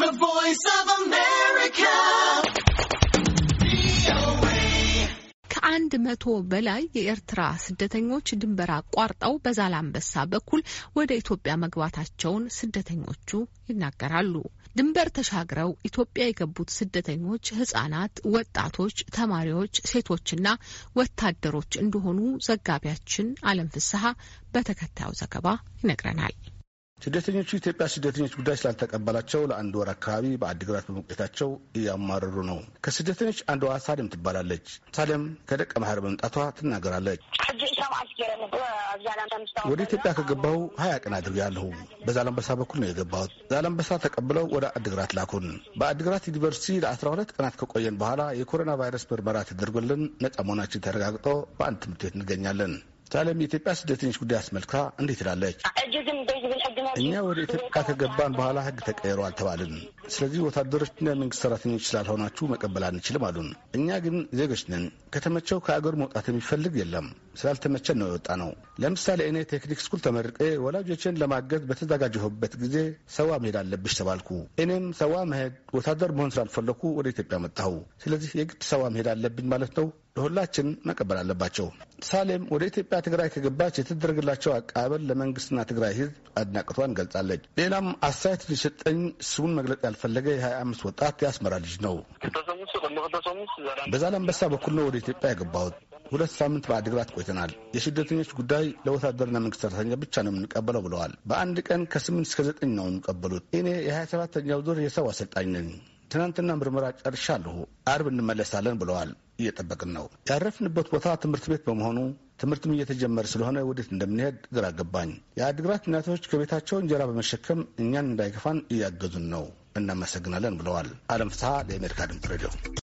The Voice of America. ከአንድ መቶ በላይ የኤርትራ ስደተኞች ድንበር አቋርጠው በዛላንበሳ በኩል ወደ ኢትዮጵያ መግባታቸውን ስደተኞቹ ይናገራሉ። ድንበር ተሻግረው ኢትዮጵያ የገቡት ስደተኞች ህጻናት፣ ወጣቶች፣ ተማሪዎች፣ ሴቶችና ወታደሮች እንደሆኑ ዘጋቢያችን አለም ፍስሀ በተከታዩ ዘገባ ይነግረናል። ስደተኞቹ ኢትዮጵያ ስደተኞች ጉዳይ ስላልተቀበላቸው ለአንድ ወር አካባቢ በአዲግራት በመቆየታቸው እያማረሩ ነው። ከስደተኞች አንዷ ሳሌም ትባላለች። ሳሌም ከደቀ ማህር በመምጣቷ ትናገራለች። ወደ ኢትዮጵያ ከገባሁ ሀያ ቀን አድርጌያለሁ። ለንበሳ በኩል ነው የገባሁት። ዛላምበሳ ተቀብለው ወደ አድግራት ላኩን። በአድግራት ዩኒቨርሲቲ ለ12 ቀናት ከቆየን በኋላ የኮሮና ቫይረስ ምርመራ ተደርጎልን ነጻ መሆናችን ተረጋግጦ በአንድ ትምህርት ቤት እንገኛለን። ሳለም የኢትዮጵያ ስደተኞች ጉዳይ አስመልክታ እንዴት ትላለች? እኛ ወደ ኢትዮጵያ ከገባን በኋላ ህግ ተቀይሮ አልተባልን። ስለዚህ ወታደሮችና የመንግስት ሰራተኞች ስላልሆናችሁ መቀበል አንችልም አሉን። እኛ ግን ዜጎች ነን። ከተመቸው ከአገሩ መውጣት የሚፈልግ የለም። ስላልተመቸን ነው የወጣ ነው። ለምሳሌ እኔ ቴክኒክ ስኩል ተመርቄ ወላጆችን ለማገዝ በተዘጋጀሁበት ጊዜ ሰዋ መሄድ አለብሽ ተባልኩ። እኔም ሰዋ መሄድ ወታደር መሆን ስላልፈለኩ ወደ ኢትዮጵያ መጣሁ። ስለዚህ የግድ ሰዋ መሄድ አለብኝ ማለት ነው። ለሁላችን መቀበል አለባቸው። ሳሌም ወደ ኢትዮጵያ ትግራይ ከገባች የተደረገላቸው አቀባበል ለመንግስትና ትግራይ ህዝብ አድናቅቷን ገልጻለች። ሌላም አስተያየት ሊሰጠኝ ስሙን መግለጽ ያልፈለገ የ አምስት ወጣት የአስመራ ልጅ ነው። በዛላምበሳ በኩል ነው ወደ ኢትዮጵያ የገባሁት ሁለት ሳምንት በአድግራት ቆይተናል። የስደተኞች ጉዳይ ለወታደርና መንግስት ሰራተኛ ብቻ ነው የምንቀበለው ብለዋል። በአንድ ቀን ከስምንት እስከ ዘጠኝ ነው የሚቀበሉት። እኔ የሀያ ሰባተኛው ዙር የሰው አሰልጣኝ ነኝ። ትናንትና ምርመራ ጨርሻለሁ። አርብ እንመለሳለን ብለዋል። እየጠበቅን ነው። ያረፍንበት ቦታ ትምህርት ቤት በመሆኑ ትምህርትም እየተጀመረ ስለሆነ ወዴት እንደምንሄድ ግራ ገባኝ። የአድግራት እናቶች ከቤታቸው እንጀራ በመሸከም እኛን እንዳይከፋን እያገዙን ነው። እናመሰግናለን ብለዋል። አለም ፍስሐ ለአሜሪካ ድምፅ ሬዲዮ